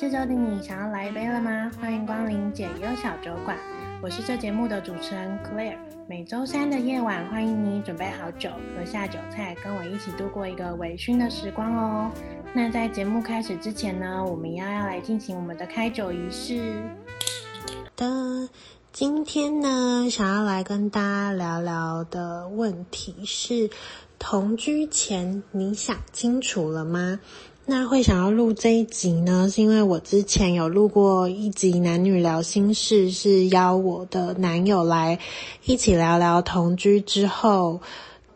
這周的你想要來一杯了嗎？歡迎光臨解憂小酒館，我是這節目的主持人 Claire。每周三的夜晚，歡迎你準備好酒和下酒菜，跟我一起度過一個微醺的時光哦。那在節目開始之前呢，我們要要來進行我們的開酒儀式。的，今天呢，想要來跟大家聊聊的問題是：同居前你想清楚了嗎？那會想要錄這一集呢，是因為我之前有錄過一集男女聊心事，是邀我的男友來一起聊聊同居之後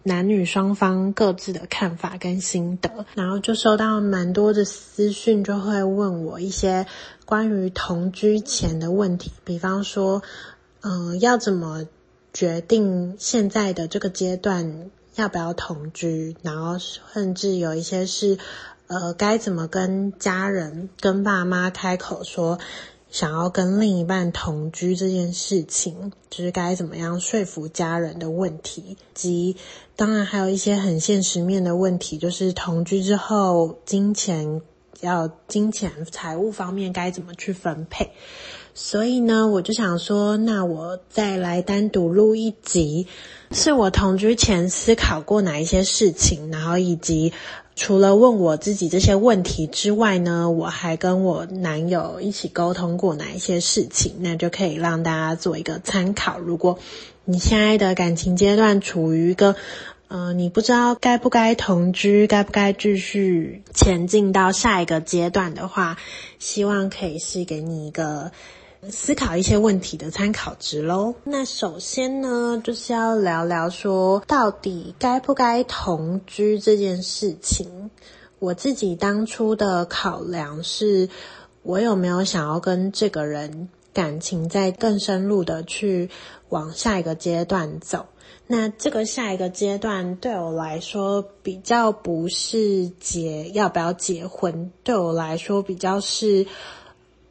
男女雙方各自的看法跟心得，然後就收到蠻多的私訊，就會問我一些關於同居前的問題，比方說，嗯、呃，要怎麼決定現在的這個階段要不要同居，然後甚至有一些是。呃，該怎麼跟家人、跟爸媽開口說想要跟另一半同居這件事情？就是該怎麼樣說服家人的問題，及當然還有一些很現實面的問題，就是同居之後金錢要金錢、財務方面該怎麼去分配？所以呢，我就想說，那我再來單獨錄一集，是我同居前思考過哪一些事情，然後以及。除了問我自己這些問題之外呢，我還跟我男友一起溝通過哪一些事情，那就可以讓大家做一個參考。如果你現在的感情階段處於一個，嗯、呃，你不知道該不該同居，該不該繼續前進到下一個階段的話，希望可以是給你一個。思考一些問題的參考值咯。那首先呢，就是要聊聊說到底該不該同居這件事情。我自己當初的考量是，我有沒有想要跟這個人感情再更深入的去往下一個階段走？那這個下一個階段對我來說比較不是結要不要結婚，對我來說比較是。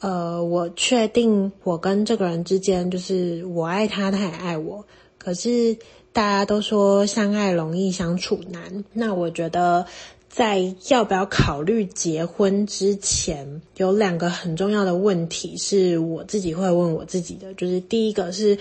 呃，我確定我跟這個人之間，就是我愛他，他也愛我。可是大家都說相愛容易相處難，那我覺得在要不要考慮結婚之前，有兩個很重要的問題是我自己會問我自己的，就是第一個是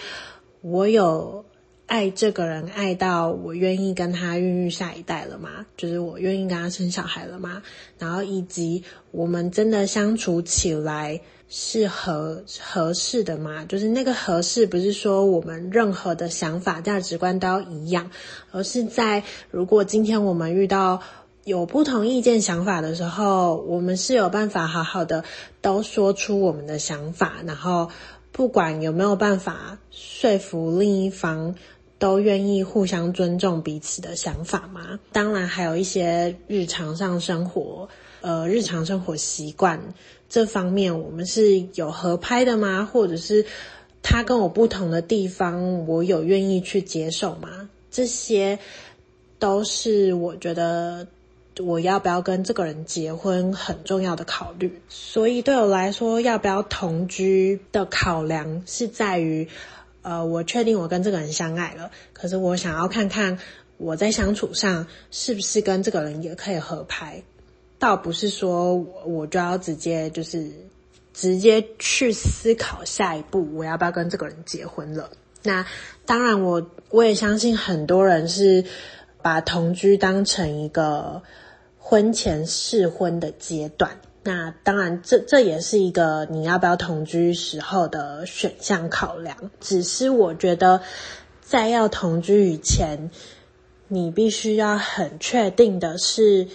我有。愛這個人，愛到我願意跟他孕育下一代了嗎？就是我願意跟他生小孩了嗎？然後以及我們真的相處起來是合合適的嗎？就是那個合適，不是說我們任何的想法、價值觀都要一樣，而是在如果今天我們遇到有不同意見、想法的時候，我們是有辦法好好的都說出我們的想法，然後不管有沒有辦法說服另一方。都願意互相尊重彼此的想法嗎？當然，還有一些日常上生活，呃，日常生活習慣這方面，我們是有合拍的嗎？或者是他跟我不同的地方，我有願意去接受嗎？這些都是我覺得我要不要跟這個人結婚很重要的考慮。所以對我來說，要不要同居的考量是在於。呃，我確定我跟這個人相愛了，可是我想要看看我在相處上是不是跟這個人也可以合拍。倒不是說我就要直接就是直接去思考下一步我要不要跟這個人結婚了。那當然我，我我也相信很多人是把同居當成一個婚前試婚的階段。那當然這，這這也是一個你要不要同居時候的選項考量。只是我覺得，在要同居以前，你必須要很確定的是，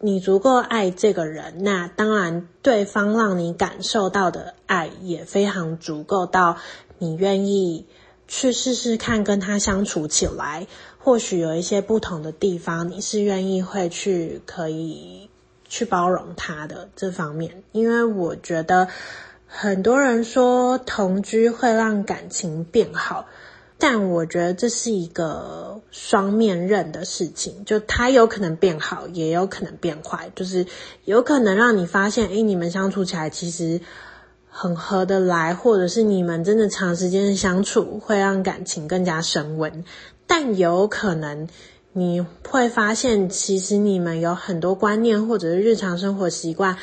你足夠愛這個人。那當然，對方讓你感受到的愛也非常足夠到你願意去試試看跟他相處起來。或許有一些不同的地方，你是願意會去可以。去包容他的這方面，因為我覺得很多人說同居會讓感情變好，但我覺得這是一個雙面刃的事情，就他有可能變好，也有可能變壞，就是有可能讓你發現，哎，你們相處起來其實很合得來，或者是你們真的長時間相處會讓感情更加升溫，但有可能。你會發現，其實你們有很多觀念或者是日常生活習慣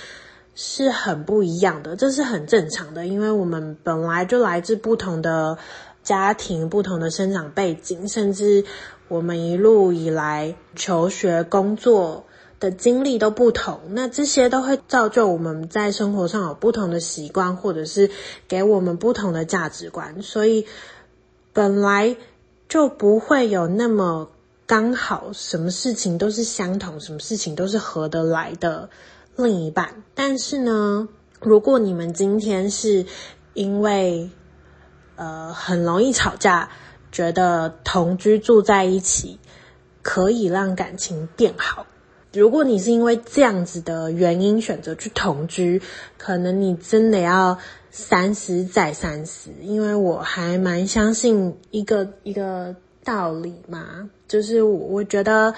是很不一樣的，這是很正常的，因為我們本來就來自不同的家庭、不同的生長背景，甚至我們一路以來求學工作的經歷都不同。那這些都會造就我們在生活上有不同的習慣，或者是給我們不同的價值觀，所以本來就不會有那麼。剛好什麼事情都是相同，什麼事情都是合得來的另一半。但是呢，如果你們今天是因為呃很容易吵架，覺得同居住在一起可以讓感情變好，如果你是因為這樣子的原因選擇去同居，可能你真的要三思再三思。因為我還蠻相信一個一個。道理嘛，就是我，我覺得，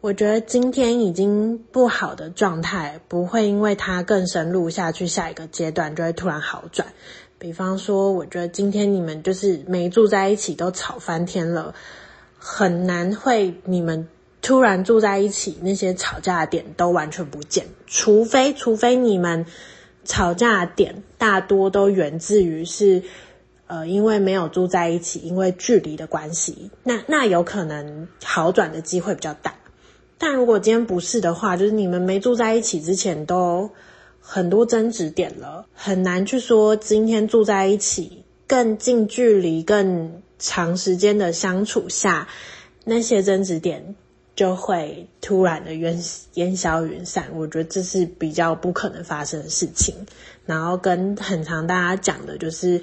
我覺得今天已經不好的狀態，不會因為它更深入下去下一個階段就會突然好轉。比方說，我覺得今天你們就是沒住在一起都吵翻天了，很難會你們突然住在一起那些吵架的點都完全不見，除非除非你們吵架的點大多都源自於是。呃，因為沒有住在一起，因為距離的關係，那那有可能好轉的機會比較大。但如果今天不是的話，就是你們沒住在一起之前都很多爭執點了，很難去說今天住在一起，更近距離、更長時間的相處下，那些爭執點就會突然的煙消雲散。我覺得這是比較不可能發生的事情。然後跟很常大家講的就是。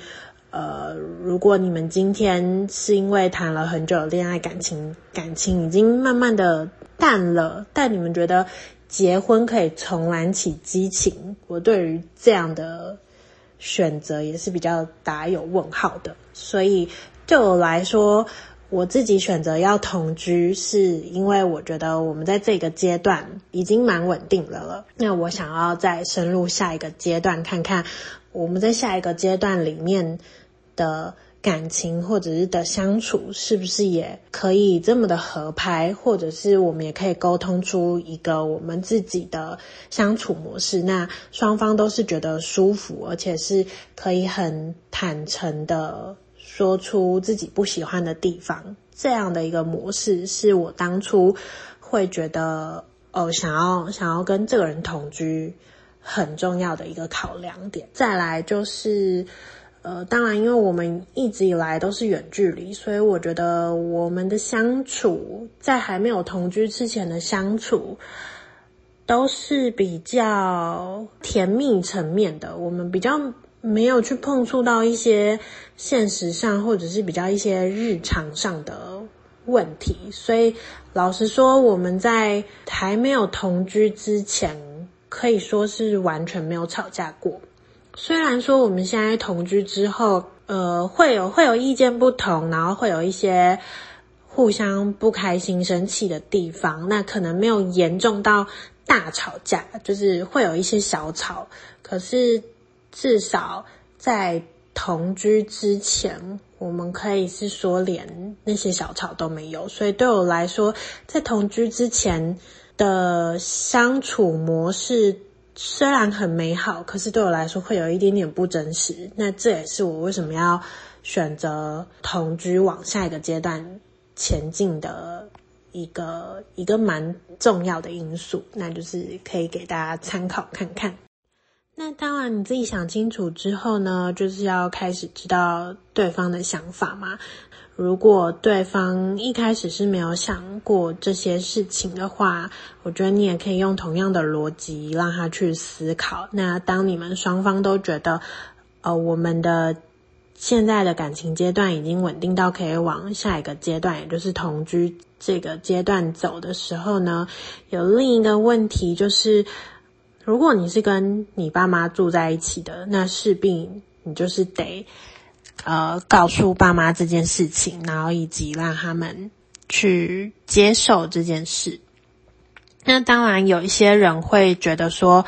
呃，如果你們今天是因為談了很久戀愛，感情感情已經慢慢的淡了，但你們覺得結婚可以重燃起激情，我對於這樣的選擇也是比較打有問號的。所以對我來說，我自己選擇要同居，是因為我覺得我們在這個階段已經蠻穩定了了。那我想要再深入下一個階段，看看我們在下一個階段裡面。的感情或者是的相處，是不是也可以這麼的合拍？或者是我們也可以溝通出一個我們自己的相處模式？那雙方都是覺得舒服，而且是可以很坦誠的說出自己不喜歡的地方，這樣的一個模式是我當初會覺得哦，想要想要跟這個人同居很重要的一個考量點。再來就是。呃，當然，因為我們一直以來都是遠距離，所以我覺得我們的相處，在還沒有同居之前的相處，都是比較甜蜜層面的。我們比較沒有去碰觸到一些現實上，或者是比較一些日常上的問題。所以，老實說，我們在還沒有同居之前，可以說是完全沒有吵架過。雖然說我們現在同居之後，呃，會有會有意見不同，然後會有一些互相不開心、生氣的地方，那可能沒有嚴重到大吵架，就是會有一些小吵。可是至少在同居之前，我們可以是說連那些小吵都沒有。所以對我來說，在同居之前的相處模式，雖然很美好，可是對我來說會有一點點不真實。那這也是我為什麼要選擇同居往下一個階段前進的一個一個蠻重要的因素，那就是可以給大家參考看看。那當然你自己想清楚之後呢，就是要開始知道對方的想法嘛。如果對方一開始是沒有想過這些事情的話，我覺得你也可以用同樣的邏輯讓他去思考。那當你們雙方都覺得，呃，我們的現在的感情階段已經穩定到可以往下一個階段，也就是同居這個階段走的時候呢，有另一個問題就是，如果你是跟你爸媽住在一起的，那勢必你就是得。呃，告訴爸媽這件事情，然後以及讓他們去接受這件事。那當然有一些人會覺得說，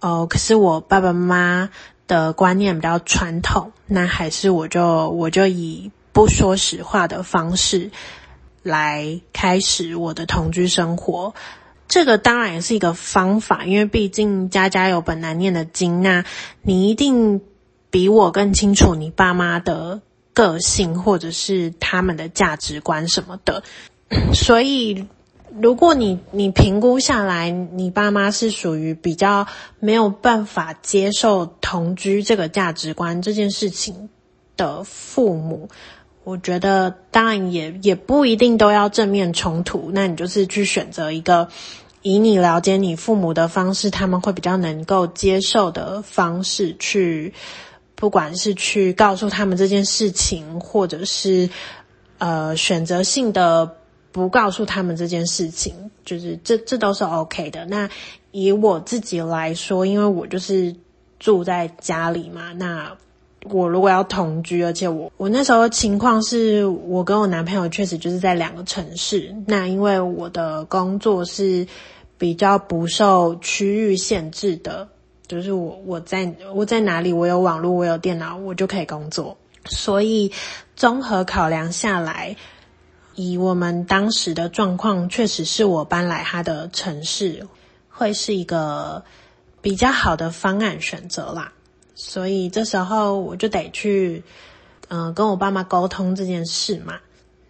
呃，可是我爸爸媽的觀念比較傳統，那還是我就我就以不說實話的方式來開始我的同居生活。這個當然也是一個方法，因為畢竟家家有本難念的經，那你一定。比我更清楚你爸媽的個性，或者是他們的價值觀什麼的，所以如果你你評估下來，你爸媽是屬於比較沒有辦法接受同居這個價值觀這件事情的父母，我覺得當然也也不一定都要正面衝突，那你就是去選擇一個以你了解你父母的方式，他們會比較能夠接受的方式去。不管是去告訴他們這件事情，或者是呃選擇性的不告訴他們這件事情，就是這這都是 OK 的。那以我自己來說，因為我就是住在家裡嘛，那我如果要同居，而且我我那時候的情況是我跟我男朋友確實就是在兩個城市，那因為我的工作是比較不受區域限制的。就是我，我在我在哪裡，我有網絡，我有電腦，我就可以工作。所以綜合考量下來，以我們當時的狀況，確實是我搬來他的城市會是一個比較好的方案選擇啦。所以這時候我就得去，嗯，跟我爸媽溝通這件事嘛。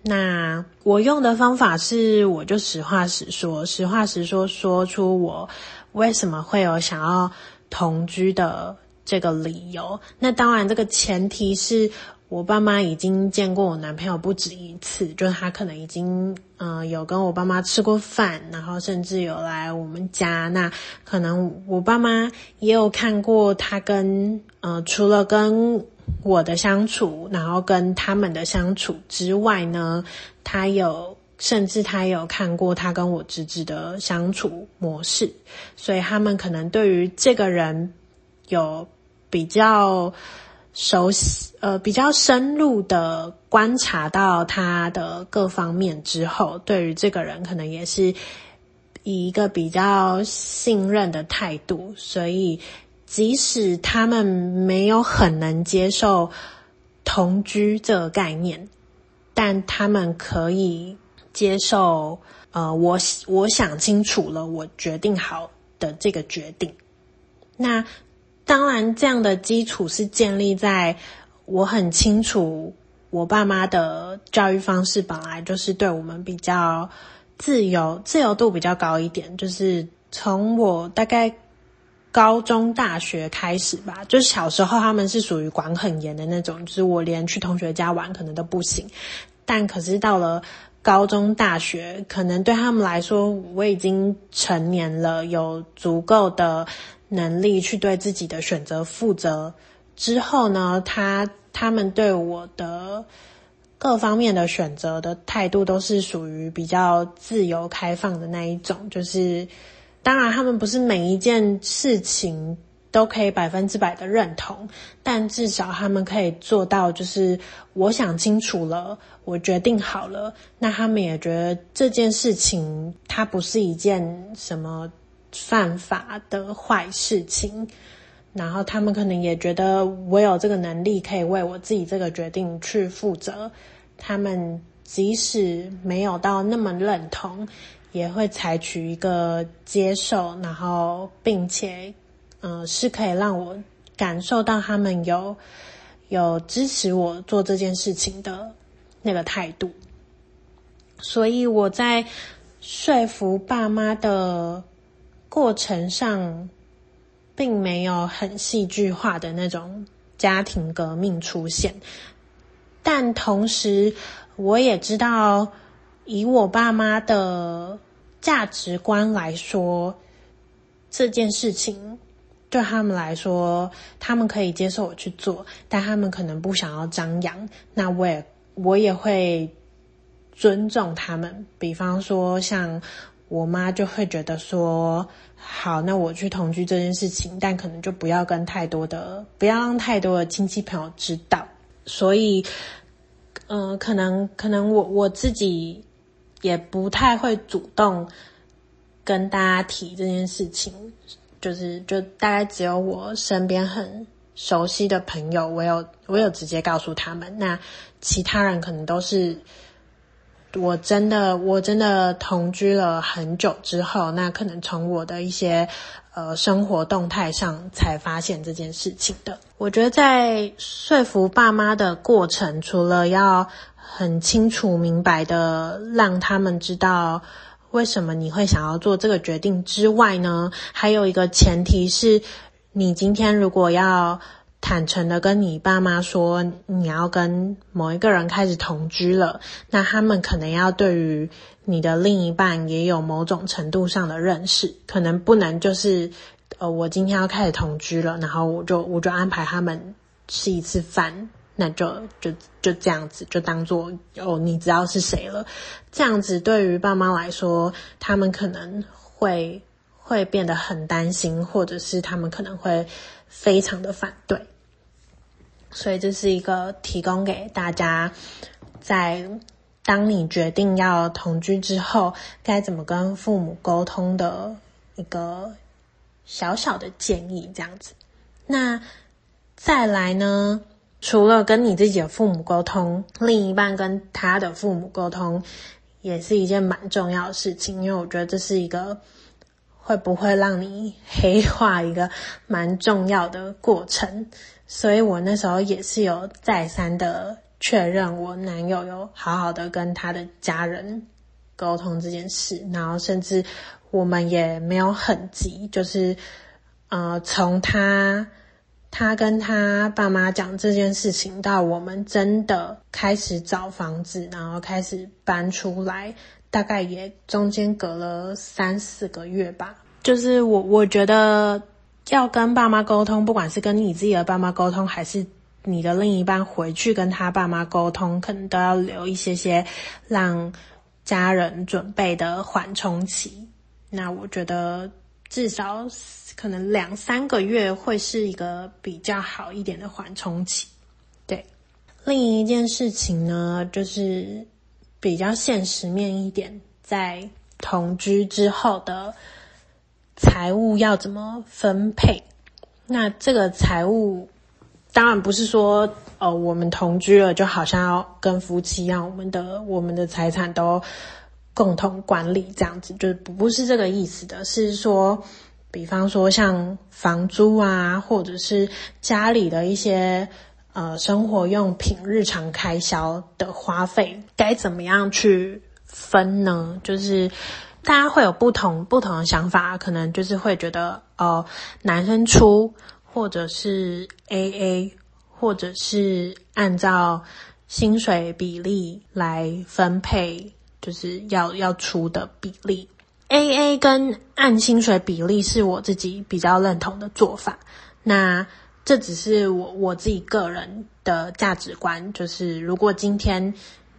那我用的方法是，我就實話實說，實話實說，說出我為什麼會有想要。同居的這個理由，那當然這個前提是我爸媽已經見過我男朋友不止一次，就是他可能已經嗯、呃、有跟我爸媽吃過飯，然後甚至有來我們家，那可能我爸媽也有看過他跟嗯、呃、除了跟我的相處，然後跟他們的相處之外呢，他有。甚至他也有看過他跟我侄子的相處模式，所以他們可能對於這個人有比較熟悉，呃，比較深入的觀察到他的各方面之後，對於這個人可能也是以一個比較信任的態度，所以即使他們沒有很能接受同居這個概念，但他們可以。接受，呃，我我想清楚了，我決定好的這個決定。那當然，這樣的基礎是建立在我很清楚，我爸媽的教育方式本來就是對我們比較自由，自由度比較高一點。就是從我大概高中、大學開始吧，就是小時候他們是屬於管很嚴的那種，就是我連去同學家玩可能都不行。但可是到了。高中、大學，可能對他們來說，我已經成年了，有足夠的能力去對自己的選擇負責。之後呢，他他們對我的各方面的選擇的態度，都是屬於比較自由開放的那一種。就是，當然，他們不是每一件事情。都可以百分之百的認同，但至少他們可以做到，就是我想清楚了，我決定好了。那他們也覺得這件事情它不是一件什麼犯法的壞事情，然後他們可能也覺得我有這個能力可以為我自己這個決定去負責。他們即使沒有到那麼認同，也會採取一個接受，然後並且。嗯、呃，是可以讓我感受到他們有有支持我做這件事情的那個態度，所以我在說服爸媽的過程上，並沒有很戲劇化的那種家庭革命出現。但同時，我也知道，以我爸媽的價值觀來說，這件事情。對他們來說，他們可以接受我去做，但他們可能不想要張揚。那我也我也會尊重他們。比方說，像我媽就會覺得說：“好，那我去同居這件事情，但可能就不要跟太多的，不要讓太多的親戚朋友知道。”所以，嗯、呃，可能可能我我自己也不太會主動跟大家提這件事情。就是，就大概只有我身邊很熟悉的朋友，我有我有直接告訴他們。那其他人可能都是，我真的我真的同居了很久之後，那可能從我的一些呃生活動態上才發現這件事情的。我覺得在說服爸媽的過程，除了要很清楚明白的讓他們知道，為什麼你會想要做這個決定之外呢？還有一個前提是你今天如果要坦誠的跟你爸媽說，你要跟某一個人開始同居了，那他們可能要對於你的另一半也有某種程度上的認識，可能不能就是呃，我今天要開始同居了，然後我就我就安排他們吃一次飯。那就就就這樣子，就當做哦，你知道是誰了。這樣子對於爸媽來說，他們可能會會變得很擔心，或者是他們可能會非常的反對。所以這是一個提供給大家，在當你決定要同居之後，該怎麼跟父母溝通的一個小小的建議。這樣子，那再來呢？除了跟你自己的父母溝通，另一半跟他的父母溝通也是一件蠻重要的事情，因為我覺得這是一個會不會讓你黑化一個蠻重要的過程。所以我那時候也是有再三的確認，我男友有好好的跟他的家人溝通這件事，然後甚至我們也沒有很急，就是呃，從他。他跟他爸媽講這件事情，到我們真的開始找房子，然後開始搬出來，大概也中間隔了三四個月吧。就是我，我覺得要跟爸媽溝通，不管是跟你自己的爸媽溝通，還是你的另一半回去跟他爸媽溝通，可能都要留一些些讓家人準備的緩衝期。那我覺得。至少可能兩三個月會是一個比較好一點的緩衝期，對。另一件事情呢，就是比較現實面一點，在同居之後的財務要怎麼分配？那這個財務當然不是說，哦，我們同居了就好像要跟夫妻一樣，我們的我們的財產都。共同管理這樣子，就是不是這個意思的，是說，比方說像房租啊，或者是家裡的一些呃生活用品、日常開銷的花費，該怎麼樣去分呢？就是大家會有不同不同的想法，可能就是會覺得呃男生出，或者是 AA，或者是按照薪水比例來分配。就是要要出的比例，A A 跟按薪水比例是我自己比較認同的做法。那這只是我我自己個人的價值觀。就是如果今天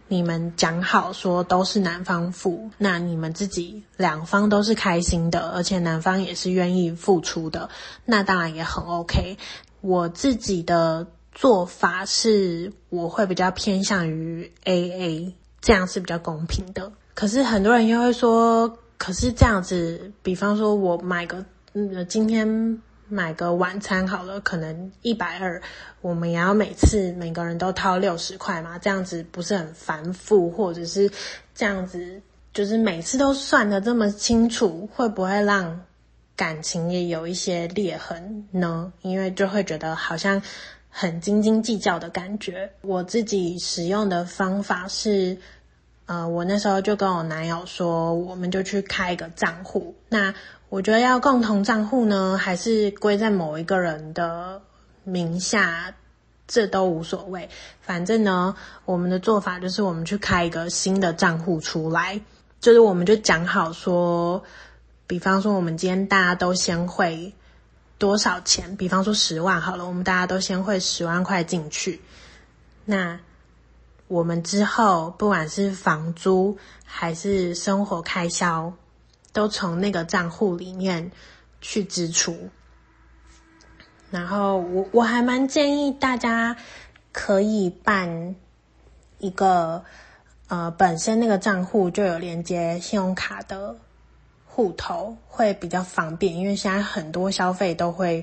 你們講好說都是男方付，那你們自己兩方都是開心的，而且男方也是願意付出的，那當然也很 OK。我自己的做法是，我會比較偏向於 A A。這樣是比較公平的，可是很多人又會說，可是這樣子，比方說我買個，嗯，今天買個晚餐好了，可能一百二，我們也要每次每個人都掏六十塊嘛？這樣子不是很繁複，或者是這樣子，就是每次都算得這麼清楚，會不會讓感情也有一些裂痕呢？因為就會覺得好像。很斤斤計較的感覺。我自己使用的方法是，呃，我那時候就跟我男友說，我們就去開一個賬戶。那我覺得要共同賬戶呢，還是歸在某一個人的名下，這都無所謂。反正呢，我們的做法就是我們去開一個新的賬戶出來，就是我們就講好說，比方說我們今天大家都先會。多少錢？比方說十萬好了，我們大家都先匯十萬塊進去。那我們之後不管是房租還是生活開銷，都從那個賬戶裡面去支出。然後我我還蠻建議大家可以辦一個呃，本身那個賬戶就有連接信用卡的。戶頭會比較方便，因為現在很多消費都會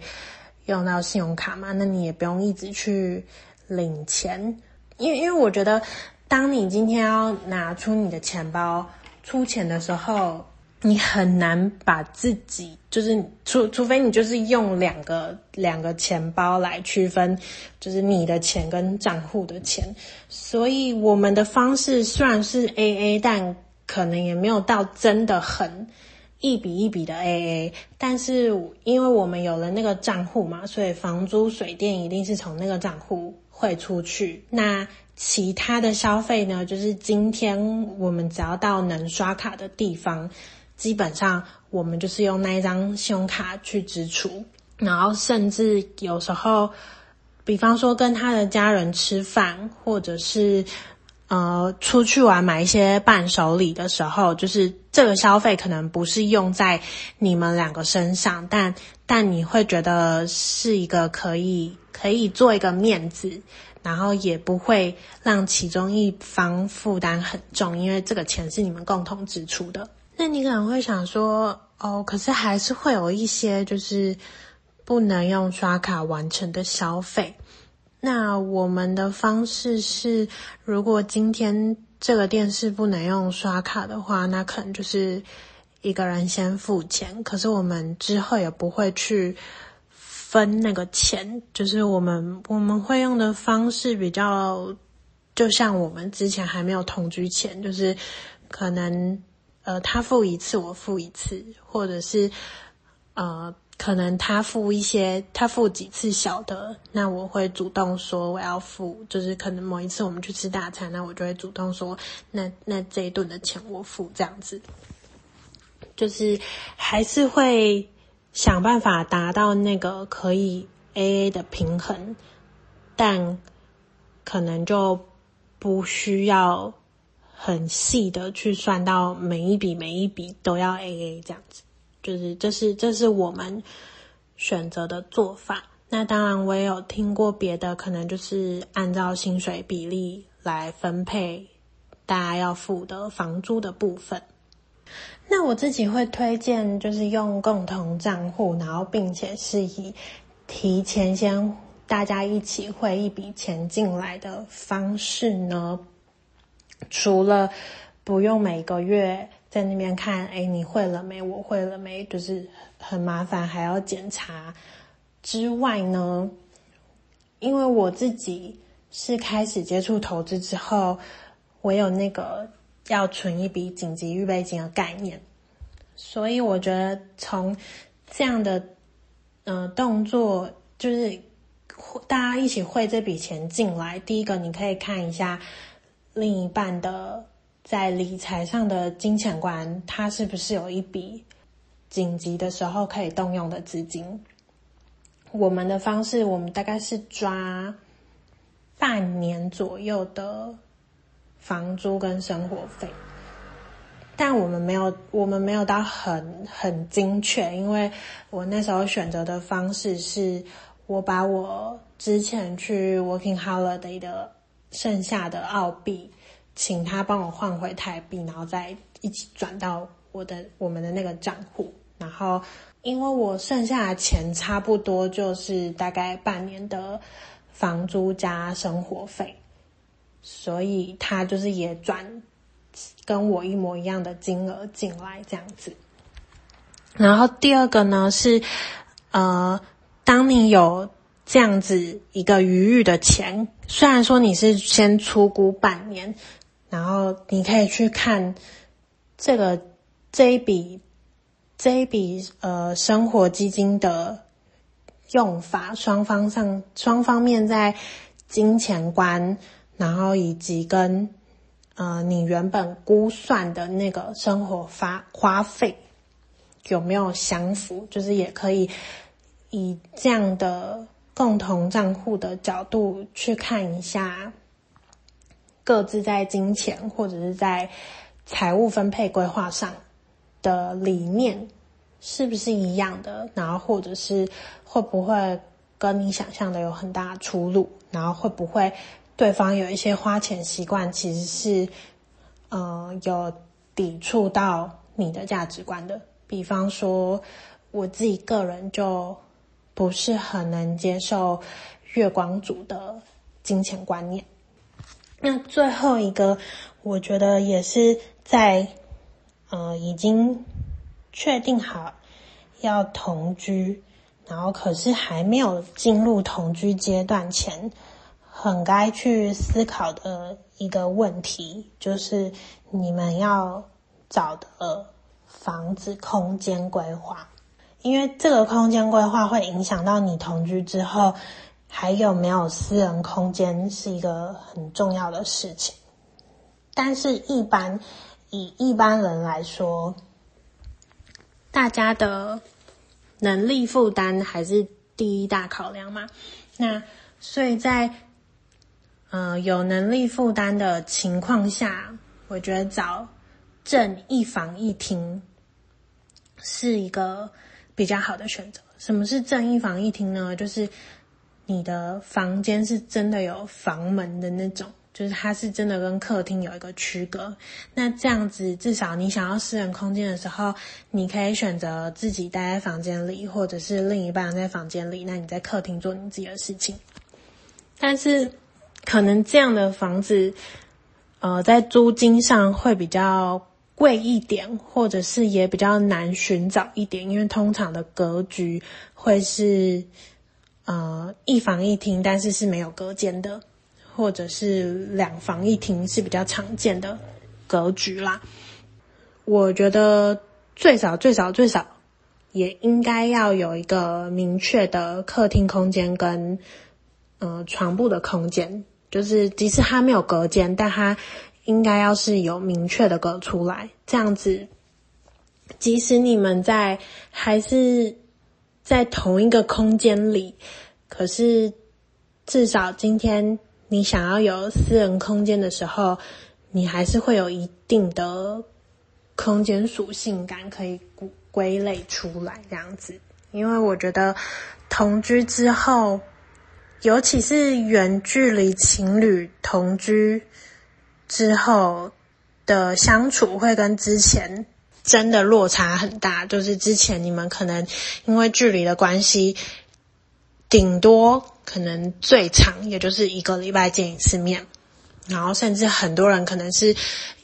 用到信用卡嘛，那你也不用一直去領錢。因為，因為我覺得，當你今天要拿出你的錢包出錢的時候，你很難把自己就是除除非你就是用兩個兩個錢包來區分，就是你的錢跟賬戶的錢。所以，我們的方式雖然是 AA，但可能也沒有到真的很。一筆一筆的 AA，但是因為我們有了那個賬戶嘛，所以房租、水電一定是從那個賬戶匯出去。那其他的消費呢，就是今天我們只要到能刷卡的地方，基本上我們就是用那一張信用卡去支出。然後甚至有時候，比方說跟他的家人吃飯，或者是。呃，出去玩買一些伴手禮的時候，就是這個消費可能不是用在你們兩個身上，但但你會覺得是一個可以可以做一個面子，然後也不會讓其中一方負擔很重，因為這個錢是你們共同支出的。那你可能會想說，哦，可是還是會有一些就是不能用刷卡完成的消費。那我們的方式是，如果今天這個電視不能用刷卡的話，那可能就是一個人先付錢。可是我們之後也不會去分那個錢，就是我們我們會用的方式比較，就像我們之前還沒有同居前，就是可能呃，他付一次，我付一次，或者是呃。可能他付一些，他付幾次小的，那我會主動說我要付。就是可能某一次我們去吃大餐，那我就會主動說，那那這一頓的錢我付，這樣子。就是還是會想辦法達到那個可以 AA 的平衡，但可能就不需要很細的去算到每一筆每一筆都要 AA 這樣子。就是，這是這是我們選擇的做法。那當然，我也有聽過別的，可能就是按照薪水比例來分配大家要付的房租的部分。那我自己會推薦，就是用共同賬戶，然後並且是以提前先大家一起匯一筆錢進來的方式呢。除了不用每個月。在那邊看，哎、欸，你會了沒？我會了沒？就是很麻煩，還要檢查。之外呢，因為我自己是開始接觸投資之後，我有那個要存一筆緊急預備金的概念，所以我覺得從這樣的嗯、呃、動作，就是大家一起匯這筆錢進來。第一個，你可以看一下另一半的。在理財上的金錢觀，他是不是有一筆緊急的時候可以動用的資金？我們的方式，我們大概是抓半年左右的房租跟生活費，但我們沒有，我們沒有到很很精確，因為我那時候選擇的方式是，我把我之前去 Working Holiday 的剩下的澳幣。請他幫我換回台幣，然後再一起轉到我的我們的那個賬戶。然後，因為我剩下的錢差不多就是大概半年的房租加生活費，所以他就是也轉跟我一模一樣的金額進來這樣子。然後第二個呢是，呃，當你有這樣子一個餘裕的錢，雖然說你是先出股半年，然後你可以去看這個這一筆這一筆呃生活基金的用法，雙方上雙方面在金錢觀，然後以及跟啊你原本估算的那個生活發花費有沒有相符，就是也可以以這樣的共同賬戶的角度去看一下。各自在金錢或者是在財務分配規劃上的理念是不是一樣的？然後或者是會不會跟你想象的有很大的出入？然後會不會對方有一些花錢習慣其實是嗯、呃、有抵觸到你的價值觀的？比方說我自己個人就不是很能接受月光族的金錢觀念。那最後一個，我覺得也是在，呃，已經確定好要同居，然後可是還沒有進入同居階段前，很該去思考的一個問題，就是你們要找的房子空間規劃，因為這個空間規劃會影響到你同居之後。還有沒有私人空間是一個很重要的事情，但是一般，以一般人來說，大家的能力負擔還是第一大考量嘛。那所以在嗯、呃，有能力負擔的情況下，我覺得找正一房一廳是一個比較好的選擇。什麼是正一房一廳呢？就是。你的房間是真的有房門的那種，就是它是真的跟客廳有一個區隔。那這樣子，至少你想要私人空間的時候，你可以選擇自己待在房間裡，或者是另一半在房間裡，那你在客廳做你自己的事情。但是，可能這樣的房子，呃，在租金上會比較貴一點，或者是也比較難尋找一點，因為通常的格局會是。呃，一房一廳，但是是沒有隔間的，或者是兩房一廳是比較常見的格局啦。我覺得最少最少最少也應該要有一個明確的客廳空間跟呃床鋪的空間，就是即使它沒有隔間，但它應該要是有明確的隔出來，這樣子，即使你們在還是。在同一個空間裡，可是至少今天你想要有私人空間的時候，你還是會有一定的空間屬性感可以歸歸類出來這樣子。因為我覺得同居之後，尤其是遠距離情侶同居之後的相處，會跟之前。真的落差很大，就是之前你們可能因為距離的關係，頂多可能最長也就是一個禮拜見一次面，然後甚至很多人可能是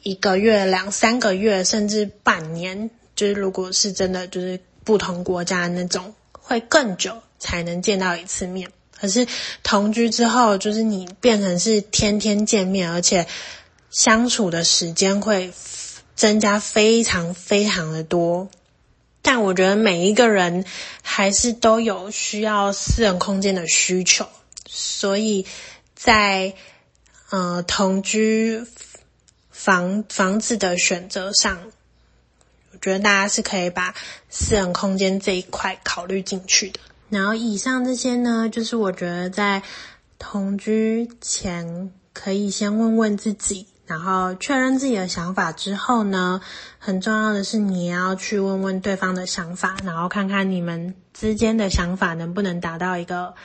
一個月、兩三個月，甚至半年。就是如果是真的，就是不同國家的那種，會更久才能見到一次面。可是同居之後，就是你變成是天天見面，而且相處的時間會。增加非常非常的多，但我覺得每一個人還是都有需要私人空間的需求，所以在呃同居房房子的選擇上，我覺得大家是可以把私人空間這一塊考慮進去的。然後以上這些呢，就是我覺得在同居前可以先問問自己。然後確認自己的想法之後呢，很重要的是你要去問問對方的想法，然後看看你們之間的想法能不能達到一個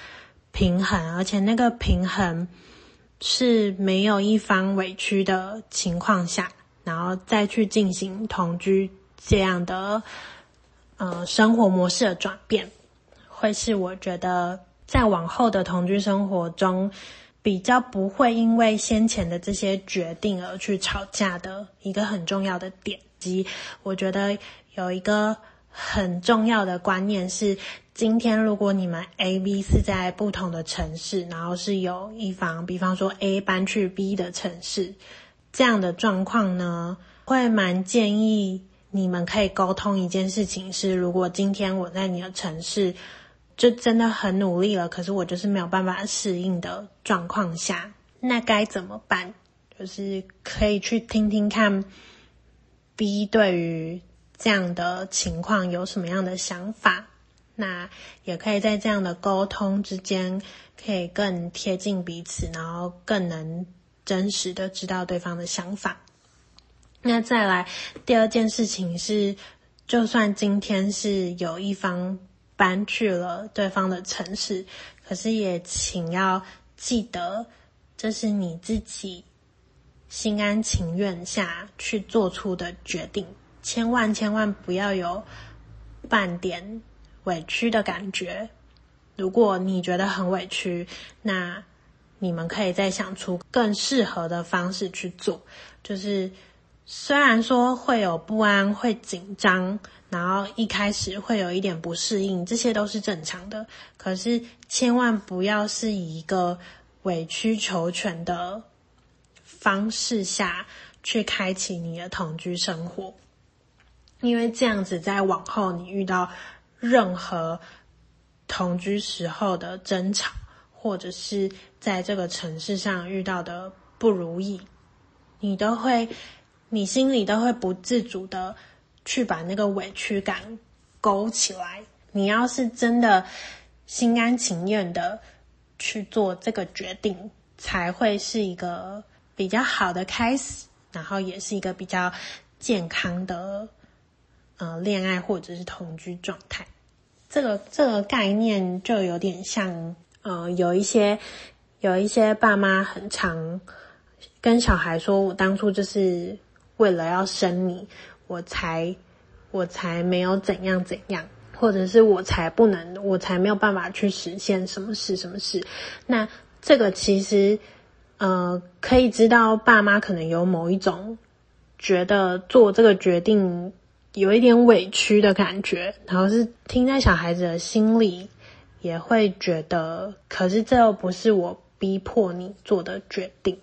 平衡，而且那個平衡是沒有一方委屈的情況下，然後再去進行同居這樣的呃生活模式的轉變，會是我覺得在往後的同居生活中。比較不會因為先前的這些決定而去吵架的一個很重要的點，及我覺得有一個很重要的觀念是，今天如果你們 A、B 是在不同的城市，然後是有一方，比方說 A 搬去 B 的城市，這樣的狀況呢，會蠻建議你們可以溝通一件事情是，如果今天我在你的城市。就真的很努力了，可是我就是沒有辦法適應的狀況下，那該怎麼辦？就是可以去聽聽看 B 對於這樣的情況有什麼樣的想法。那也可以在這樣的溝通之間，可以更貼近彼此，然後更能真實的知道對方的想法。那再來，第二件事情是，就算今天是有一方。搬去了對方的城市，可是也請要記得，這是你自己心甘情願下去做出的決定，千萬千萬不要有半點委屈的感覺。如果你覺得很委屈，那你們可以再想出更適合的方式去做，就是。雖然說會有不安、會緊張，然後一開始會有一點不適應，這些都是正常的。可是千萬不要是以一個委曲求全的方式下去開啟你的同居生活，因為這樣子在往後你遇到任何同居時候的爭吵，或者是在這個城市上遇到的不如意，你都會。你心裡都會不自主的去把那個委屈感勾起來。你要是真的心甘情願的去做這個決定，才會是一個比較好的開始，然後也是一個比較健康的呃戀愛或者是同居狀態。這個這個概念就有點像呃，有一些有一些爸媽很常跟小孩說：“我當初就是。”為了要生你，我才，我才沒有怎樣怎樣，或者是我才不能，我才沒有辦法去實現什麼事什麼事。那這個其實，呃，可以知道爸媽可能有某一種覺得做這個決定有一點委屈的感覺，然後是聽在小孩子的心裡也會覺得，可是這又不是我逼迫你做的決定。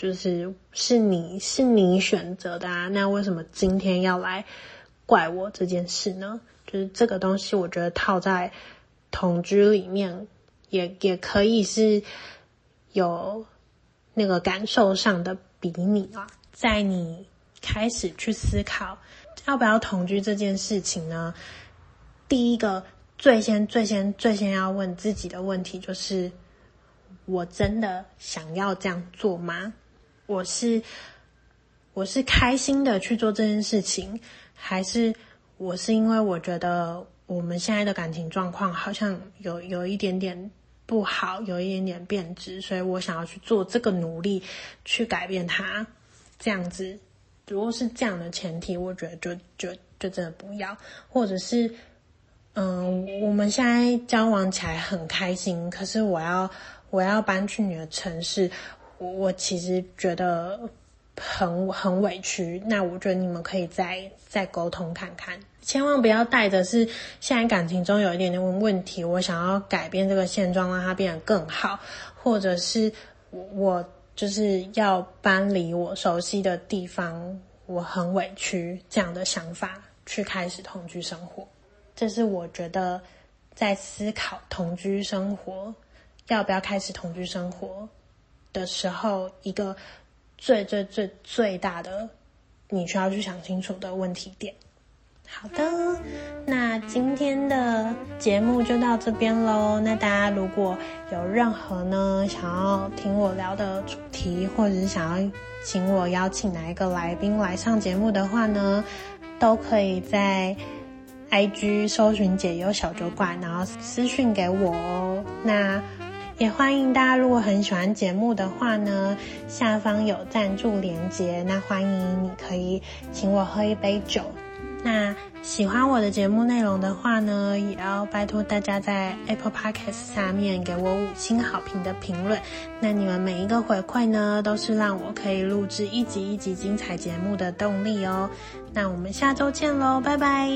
就是是你是你選擇的啊，那為什麼今天要來怪我這件事呢？就是這個東西，我覺得套在同居裡面，也也可以是有那個感受上的比擬啊。在你開始去思考要不要同居這件事情呢，第一個最先最先最先要問自己的問題就是：我真的想要這樣做嗎？我是我是開心的去做這件事情，還是我是因為我覺得我們現在的感情狀況好像有有一點點不好，有一點點變質，所以我想要去做這個努力去改變它。這樣子，如果是這樣的前提，我覺得就就就真的不要。或者是嗯，Okay. 我們現在交往起來很開心，可是我要我要搬去你的城市。我其實覺得很很委屈，那我覺得你們可以再再溝通看看，千萬不要帶着是現在感情中有一點點問題，我想要改變這個現狀，讓它變得更好，或者是我就是要搬離我熟悉的地方，我很委屈這樣的想法去開始同居生活。這是我覺得在思考同居生活要不要開始同居生活的時候，一個最最最最大的你需要去想清楚的問題點。好的，那今天的節目就到這邊嘍。那大家如果有任何呢想要聽我聊的主題，或者是想要請我邀請哪一個來賓來上節目的話呢，都可以在 IG 搜尋“解憂小酒館”，然後私訊給我哦。那。也歡迎大家，如果很喜歡節目的話呢，下方有贊助連結，那歡迎你可以請我喝一杯酒。那喜歡我的節目內容的話呢，也要拜託大家在 Apple Podcast 下面給我五星好評的評論。那你們每一個回饋呢，都是讓我可以錄製一集一集精彩節目的動力哦。那我們下週見嘍，拜拜。